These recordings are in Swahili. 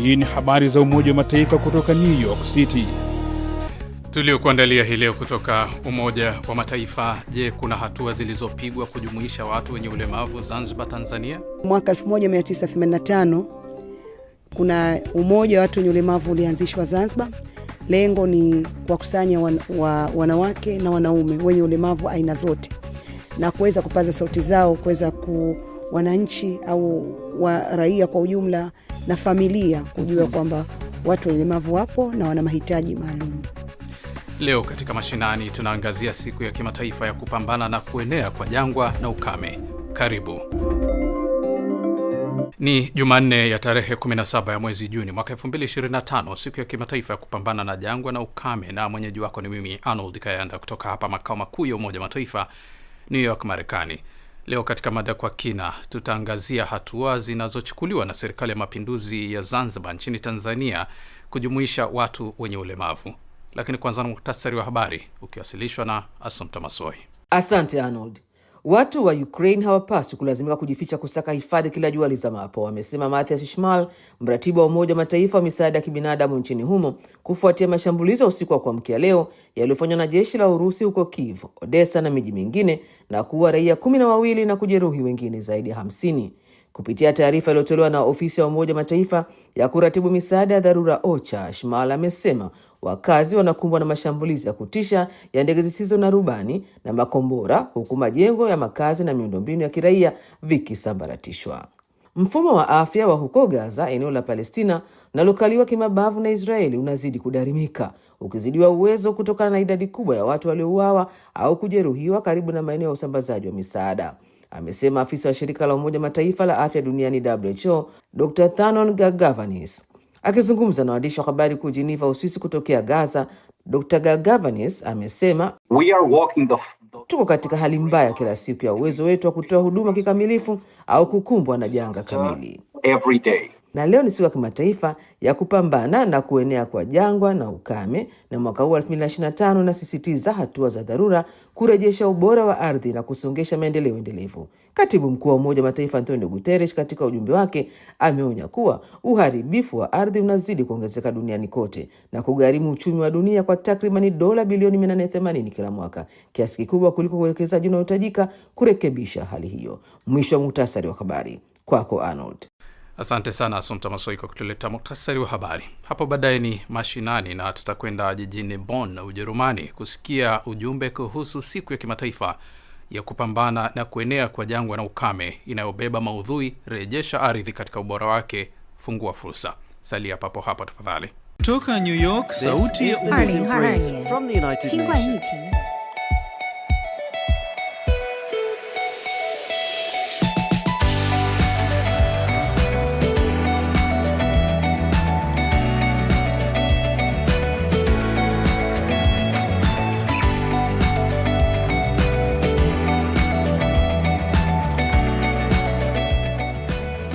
Hii ni habari za Umoja wa Mataifa kutoka New York City tuliokuandalia hii leo kutoka Umoja wa Mataifa. Je, kuna hatua zilizopigwa kujumuisha watu wenye ulemavu Zanzibar, Tanzania? Mwaka 1985 kuna umoja wa watu wenye ulemavu ulianzishwa Zanzibar. Lengo ni kuwakusanya wan, wa, wanawake na wanaume wenye ulemavu aina zote na kuweza kupaza sauti zao kuweza ku wananchi au wa raia kwa ujumla na familia kujua kwamba watu walemavu wapo na wana mahitaji maalum. Leo katika mashinani tunaangazia siku ya kimataifa ya kupambana na kuenea kwa jangwa na ukame. Karibu. Ni Jumanne ya tarehe 17 ya mwezi Juni mwaka 225 siku ya kimataifa ya kupambana na jangwa na ukame, na mwenyeji wako ni mimi Arnold Kayanda kutoka hapa makao makuu ya Umoja wa Mataifa, New York, Marekani. Leo katika mada kwa kina tutaangazia hatua zinazochukuliwa na serikali ya mapinduzi ya Zanzibar nchini Tanzania kujumuisha watu wenye ulemavu, lakini kwanza na muktasari wa habari ukiwasilishwa na asumta Masoi. Asante Arnold. Watu wa Ukraine hawapaswi kulazimika kujificha kusaka hifadhi kila jua lizamapo, amesema Mathias Schmal, mratibu wa Umoja wa Mataifa wa misaada ya kibinadamu nchini humo, kufuatia mashambulizo ya usiku wa kuamkia leo yaliyofanywa na jeshi la Urusi huko Kiev, Odessa na miji mingine na kuua raia kumi na wawili na kujeruhi wengine zaidi ya hamsini. Kupitia taarifa iliyotolewa na ofisi ya Umoja wa Mataifa ya kuratibu misaada ya dharura OCHA, Schmal amesema wakazi wanakumbwa na mashambulizi ya kutisha ya ndege zisizo na rubani na makombora, huku majengo ya makazi na miundombinu ya kiraia vikisambaratishwa. Mfumo wa afya wa huko Gaza, eneo la Palestina linalokaliwa kimabavu na Israeli, unazidi kudarimika, ukizidiwa uwezo kutokana na idadi kubwa ya watu waliouawa au kujeruhiwa karibu na maeneo ya usambazaji wa misaada, amesema afisa wa shirika la Umoja Mataifa la afya duniani WHO, Dr Thanon Gagavanis. Akizungumza na waandishi wa habari kuu Geneva, Uswisi, kutokea Gaza, Dr Gagavanis amesema We are walking the... tuko katika hali mbaya kila siku ya uwezo wetu wa kutoa huduma kikamilifu au kukumbwa na janga kamili every day na leo ni siku ya kimataifa ya kupambana na kuenea kwa jangwa na ukame, na mwaka huu 2025 unasisitiza hatua za dharura kurejesha ubora wa ardhi na kusongesha maendeleo endelevu. Katibu mkuu wa Umoja wa Mataifa Antonio Guterres katika ujumbe wake ameonya kuwa uharibifu wa ardhi unazidi kuongezeka duniani kote na kugharimu uchumi wa dunia kwa takribani dola bilioni 480 kila mwaka, kiasi kikubwa kuliko uwekezaji unaohitajika kurekebisha hali hiyo. Mwisho wa muhtasari wa habari, kwako Arnold. Asante sana Asumta Masoiko kutuleta muktasari wa habari. Hapo baadaye ni mashinani na tutakwenda jijini Bonn, Ujerumani, kusikia ujumbe kuhusu siku ya kimataifa ya kupambana na kuenea kwa jangwa na ukame inayobeba maudhui rejesha ardhi katika ubora wake, fungua fursa. Salia papo hapo tafadhali. Kutoka New York, sauti ya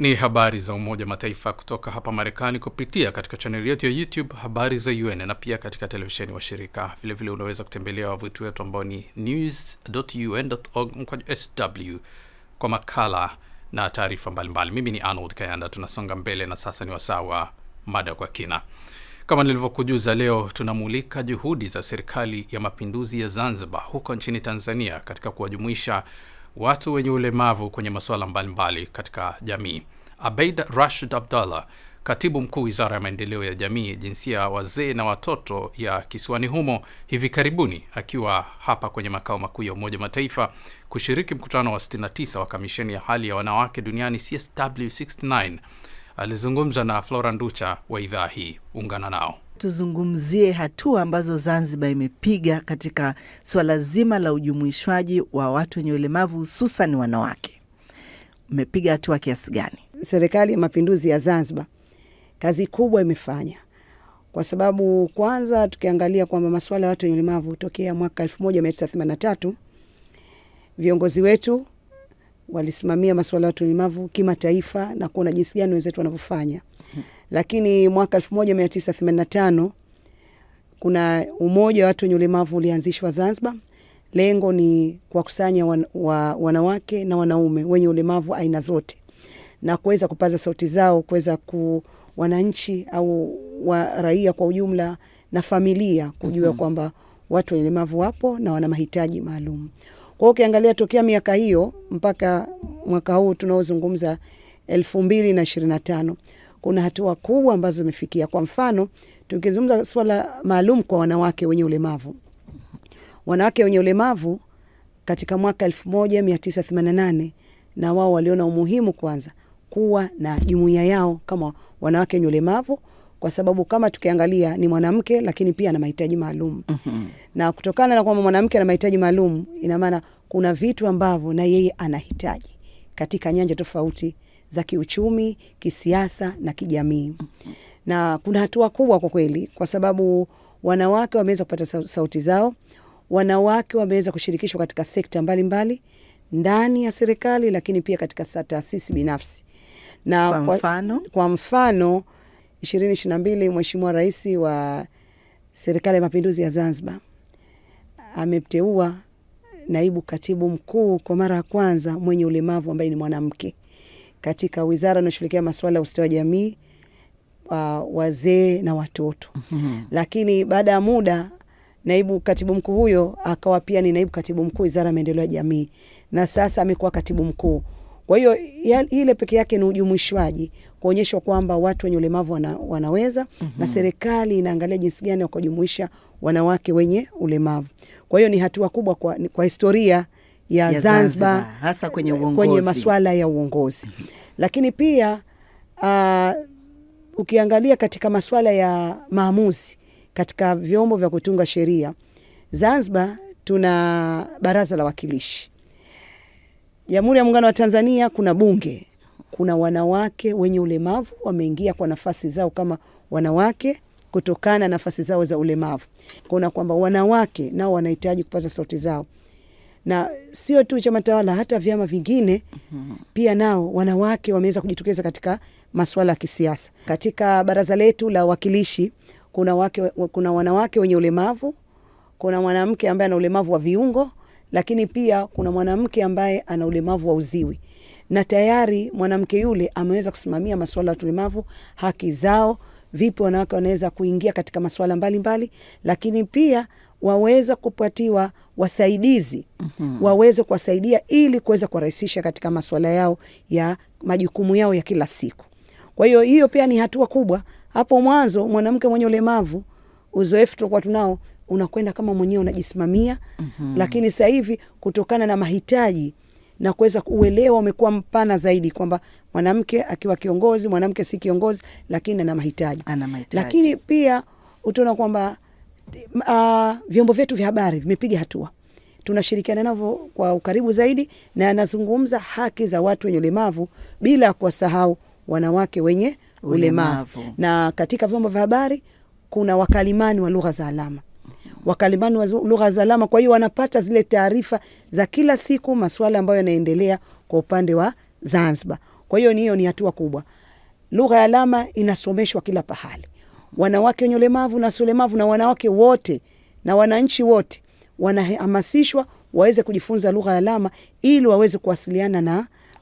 Ni habari za Umoja Mataifa kutoka hapa Marekani kupitia katika chaneli yetu ya YouTube Habari za UN na pia katika televisheni wa shirika. Vilevile unaweza kutembelea wavuti wetu ambao ni news.un.org mkwaju sw kwa makala na taarifa mbalimbali. Mimi ni Arnold Kayanda. Tunasonga mbele na sasa ni wasaa wa mada kwa kina. Kama nilivyokujuza, leo tunamulika juhudi za serikali ya mapinduzi ya Zanzibar huko nchini Tanzania katika kuwajumuisha watu wenye ulemavu kwenye masuala mbalimbali katika jamii. Abeid Rashid Abdallah, katibu mkuu wizara ya maendeleo ya jamii, jinsia, wazee na watoto ya kisiwani humo, hivi karibuni akiwa hapa kwenye makao makuu ya Umoja Mataifa kushiriki mkutano wa 69 wa kamisheni ya hali ya wanawake duniani CSW69, alizungumza na Flora Nducha wa idhaa hii. Ungana nao tuzungumzie hatua ambazo Zanzibar imepiga katika swala zima la ujumuishwaji wa watu wenye ulemavu hususan wanawake. Mmepiga hatua kiasi gani? Serikali ya Mapinduzi ya Zanzibar kazi kubwa imefanya kwa sababu kwanza, tukiangalia kwamba masuala ya watu wenye ulemavu tokea mwaka tatu viongozi wetu walisimamia masuala ya watu wenye ulemavu kimataifa na kuona jinsi gani wenzetu wanavyofanya. Lakini mwaka elfu moja mia tisa na tano kuna umoja wa watu wenye ulemavu ulianzishwa Zanzibar. Lengo ni kuwakusanya wan, wa, wanawake na wanaume wenye ulemavu aina zote na kuweza kupaza sauti zao, kuweza ku wananchi au wa raia kwa ujumla na familia kujua mm -hmm. kwamba watu wenye ulemavu wapo na wana mahitaji maalum. Kwa hiyo ukiangalia tokea miaka hiyo mpaka mwaka huu tunaozungumza elfu mbili na ishirini na tano kuna hatua kubwa ambazo zimefikia. Kwa mfano, tukizungumza swala maalum kwa wanawake wenye ulemavu, wanawake wenye ulemavu katika mwaka 1988 na wao waliona umuhimu kwanza kuwa na jumuiya yao kama wanawake wenye ulemavu, kwa sababu kama tukiangalia ni mwanamke lakini pia ana mahitaji maalum mm -hmm. Na kutokana na kwamba mwanamke ana mahitaji maalum, ina maana kuna vitu ambavyo na yeye anahitaji katika nyanja tofauti za kiuchumi, kisiasa na kijamii, na kuna hatua kubwa kwa kweli, kwa sababu wanawake wameweza kupata sauti zao, wanawake wameweza kushirikishwa katika sekta mbalimbali mbali, ndani ya serikali, lakini pia katika taasisi binafsi na kwa mfano, kwa mfano 2022 Mheshimiwa Rais wa Serikali ya Mapinduzi ya Zanzibar amemteua naibu katibu mkuu kwa mara ya kwanza mwenye ulemavu ambaye ni mwanamke katika wizara inayoshughulikia masuala ya ustawi wa jamii uh, wazee na watoto mm-hmm. Lakini baada ya muda naibu katibu mkuu huyo akawa pia ni naibu katibu mkuu wizara ya maendeleo ya jamii, na sasa amekuwa katibu mkuu. Kwa hiyo ile peke yake ni ujumuishwaji, kuonyeshwa kwamba watu wenye ulemavu wana, wanaweza mm -hmm. na mhm. serikali inaangalia jinsi gani kujumuisha wanawake wenye ulemavu. Kwa hiyo ni hatua kubwa kwa, kwa historia ya, ya Zanzibar, Zanzibar hasa kwenye uongozi, kwenye masuala ya uongozi mm -hmm. Lakini pia uh, ukiangalia katika masuala ya maamuzi katika vyombo vya kutunga sheria Zanzibar tuna baraza la wakilishi Jamhuri ya Muungano wa Tanzania kuna bunge. Kuna wanawake wenye ulemavu wameingia kwa nafasi zao kama wanawake kutokana na nafasi zao za ulemavu, kuona kwamba wanawake nao wanahitaji kupata sauti zao na sio tu chama tawala, hata vyama vingine mhm. pia nao wanawake wameweza kujitokeza katika masuala ya kisiasa. Katika baraza letu la wawakilishi kuna, wake, kuna wanawake wenye ulemavu, kuna mwanamke ambaye ana ulemavu wa viungo, lakini pia kuna mwanamke ambaye ana ulemavu wa uziwi, na tayari mwanamke yule ameweza kusimamia masuala ya ulemavu, haki zao, vipi wanawake wanaweza kuingia katika masuala mbalimbali, lakini pia waweza kupatiwa wasaidizi mm -hmm. waweze kuwasaidia ili kuweza kuwarahisisha katika masuala yao ya majukumu yao ya kila siku. Kwa hiyo hiyo pia ni hatua kubwa. Hapo mwanzo mwanamke mwenye ulemavu, uzoefu tulikuwa tunao, unakwenda kama mwenyewe unajisimamia mm -hmm. lakini sasa hivi kutokana na mahitaji na kuweza uelewa umekuwa mpana zaidi kwamba mwanamke akiwa kiongozi, mwanamke si kiongozi, lakini ana mahitaji. Lakini pia utaona kwamba uh, vyombo vyetu vya habari vimepiga hatua, tunashirikiana navyo kwa ukaribu zaidi, na anazungumza haki za watu wenye ulemavu bila kuwasahau wanawake wenye ulemavu. Na katika vyombo vya habari kuna wakalimani wa lugha za alama wakalimani wa lugha za alama. Kwa hiyo wanapata zile taarifa za kila siku, masuala ambayo yanaendelea kwa upande wa Zanzibar. Kwa hiyo ni hiyo ni hatua kubwa. Lugha ya alama inasomeshwa kila pahali wanawake wenye ulemavu na sulemavu na wanawake wote na wananchi wote wanahamasishwa waweze kujifunza lugha ya alama ili waweze kuwasiliana na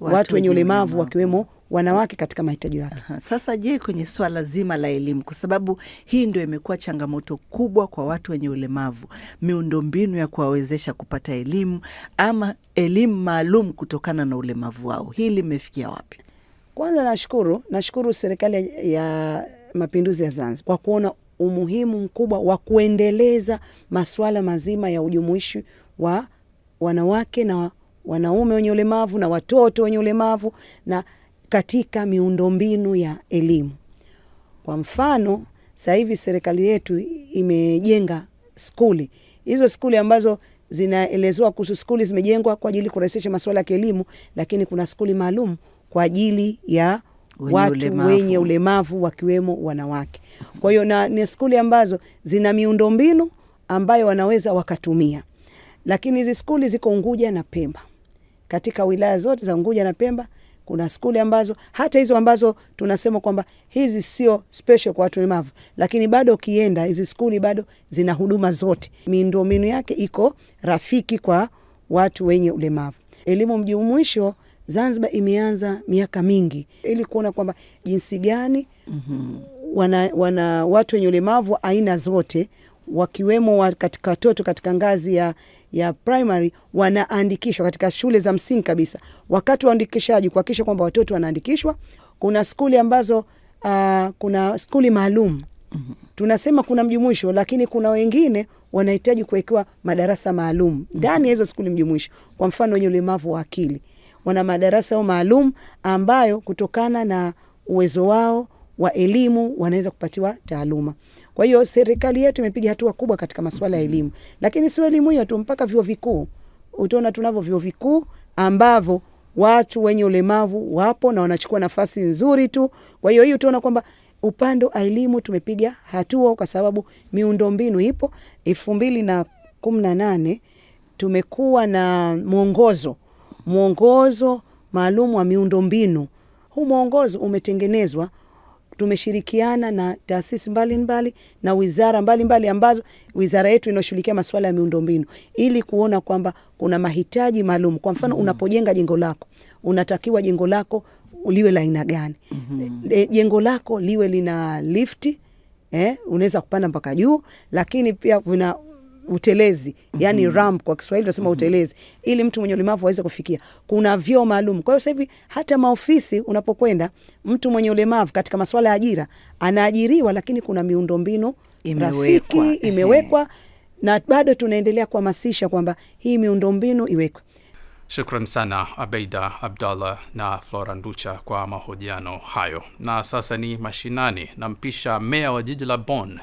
watu, watu wenye ulemavu wakiwemo wanawake katika mahitaji yake. Sasa je, kwenye swala zima la elimu, kwa sababu hii ndio imekuwa changamoto kubwa kwa watu wenye ulemavu, miundombinu ya kuwawezesha kupata elimu ama elimu maalum kutokana na ulemavu wao, hili limefikia wapi? Kwanza nashukuru, nashukuru serikali ya mapinduzi ya Zanzibar kwa kuona umuhimu mkubwa wa kuendeleza masuala mazima ya ujumuishi wa wanawake na wanaume wenye ulemavu na watoto wenye ulemavu na katika miundombinu ya elimu. Kwa mfano, sasa hivi serikali yetu imejenga skuli. Hizo skuli ambazo zinaelezewa kuhusu skuli zimejengwa kwa ajili kurahisisha masuala ya kielimu, lakini kuna skuli maalum kwa ajili ya wenye watu ulemavu. wenye ulemavu wakiwemo wanawake. Kwa hiyo na ni skuli ambazo zina miundombinu ambayo wanaweza wakatumia, lakini hizi skuli ziko Unguja na Pemba. Katika wilaya zote za Unguja na Pemba kuna skuli ambazo hata hizo ambazo tunasema kwamba hizi sio special kwa watu walemavu, lakini bado ukienda hizi skuli bado zina huduma zote, miundombinu yake iko rafiki kwa watu wenye ulemavu. Elimu mjumuisho Zanzibar imeanza miaka mingi ili kuona kwamba jinsi gani mm -hmm. wana, wana watu wenye ulemavu wa aina zote wakiwemo wa katika watoto katika ngazi ya, ya primary wanaandikishwa katika shule za msingi kabisa. Wakati waandikishaji kuhakikisha kwamba watoto wanaandikishwa. Kuna skuli ambazo uh, kuna skuli maalum mm -hmm. tunasema kuna mjumuisho, lakini kuna wengine wanahitaji kuwekewa madarasa maalum mhm. ndani mm -hmm. ya hizo skuli mjumuisho, kwa mfano wenye ulemavu wa akili wana madarasa yao maalum ambayo kutokana na uwezo wao wa elimu wanaweza kupatiwa taaluma. Kwa hiyo serikali yetu imepiga hatua kubwa katika masuala ya elimu, lakini sio elimu hiyo tu, mpaka vyuo vikuu. Utaona tunavyo vyuo vikuu ambavyo watu wenye ulemavu wapo na wanachukua nafasi nzuri tu. Kwa hiyo hii utaona kwamba upande wa elimu tumepiga hatua kwa sababu miundombinu ipo. elfu mbili na kumi na nane tumekuwa na mwongozo mwongozo maalum wa miundombinu. Huu mwongozo umetengenezwa, tumeshirikiana na taasisi mbalimbali na wizara mbalimbali mbali ambazo wizara yetu inaoshughulikia masuala ya miundombinu ili kuona kwamba kuna mahitaji maalum. Kwa mfano, mm-hmm. unapojenga jengo lako, unatakiwa jengo lako liwe la aina gani? Mm-hmm. E, jengo lako liwe lina lifti, eh, unaweza kupanda mpaka juu, lakini pia kuna utelezi yani mm -hmm. ramp kwa Kiswahili tunasema mm -hmm. utelezi, ili mtu mwenye ulemavu aweze kufikia. Kuna vyoo maalum. Kwa hiyo sasa hivi hata maofisi unapokwenda, mtu mwenye ulemavu katika masuala ya ajira anaajiriwa, lakini kuna miundombinu rafiki imewekwa na bado tunaendelea kuhamasisha kwamba hii miundombinu iwekwe. Shukran sana Abeida Abdallah na Flora Nducha kwa mahojiano hayo. Na sasa ni mashinani, nampisha meya wa jiji la Bonn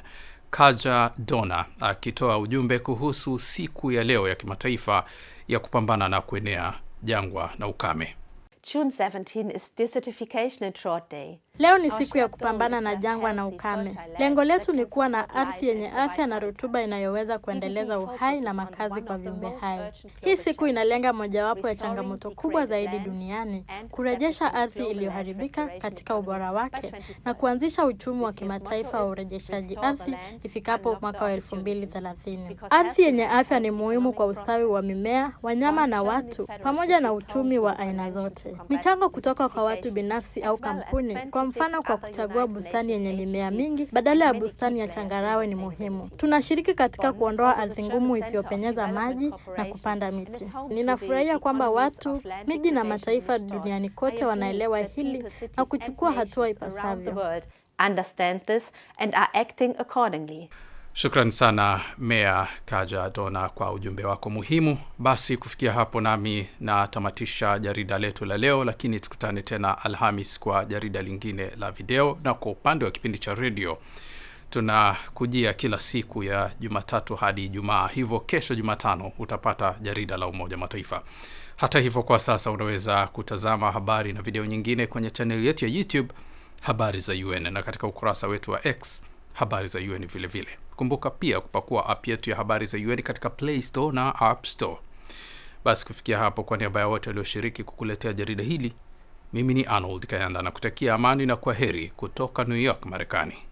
Kaja Dona akitoa ujumbe kuhusu siku ya leo ya kimataifa ya kupambana na kuenea jangwa na ukame. June 17 is desertification and drought day. Leo ni siku ya kupambana na jangwa na ukame. Lengo letu ni kuwa na ardhi yenye afya na rutuba inayoweza kuendeleza uhai na makazi kwa viumbe hai. Hii siku inalenga mojawapo ya changamoto kubwa zaidi duniani, kurejesha ardhi iliyoharibika katika ubora wake na kuanzisha uchumi wa kimataifa wa urejeshaji ardhi ifikapo mwaka wa 2030. Ardhi yenye afya ni muhimu kwa ustawi wa mimea, wanyama na watu pamoja na uchumi wa aina zote. Michango kutoka kwa watu binafsi au kampuni, kwa mfano, kwa kuchagua bustani yenye mimea mingi badala ya bustani ya changarawe ni muhimu. Tunashiriki katika kuondoa ardhi ngumu isiyopenyeza maji na kupanda miti. Ninafurahia kwamba watu, miji na mataifa duniani kote wanaelewa hili na kuchukua hatua ipasavyo. Shukran sana Mea Kaja Dona kwa ujumbe wako muhimu. Basi kufikia hapo, nami natamatisha jarida letu la leo, lakini tukutane tena Alhamis kwa jarida lingine la video. Na kwa upande wa kipindi cha redio tunakujia kila siku ya Jumatatu hadi Ijumaa, hivyo kesho Jumatano utapata jarida la Umoja Mataifa. Hata hivyo, kwa sasa unaweza kutazama habari na video nyingine kwenye chaneli yetu ya YouTube Habari za UN na katika ukurasa wetu wa X Habari za UN vilevile vile. Kumbuka pia kupakua app yetu ya habari za UN katika Play Store na App Store. Basi kufikia hapo, kwa niaba ya wote walioshiriki kukuletea jarida hili, mimi ni Arnold Kayanda na kutakia amani na kwa heri kutoka New York, Marekani.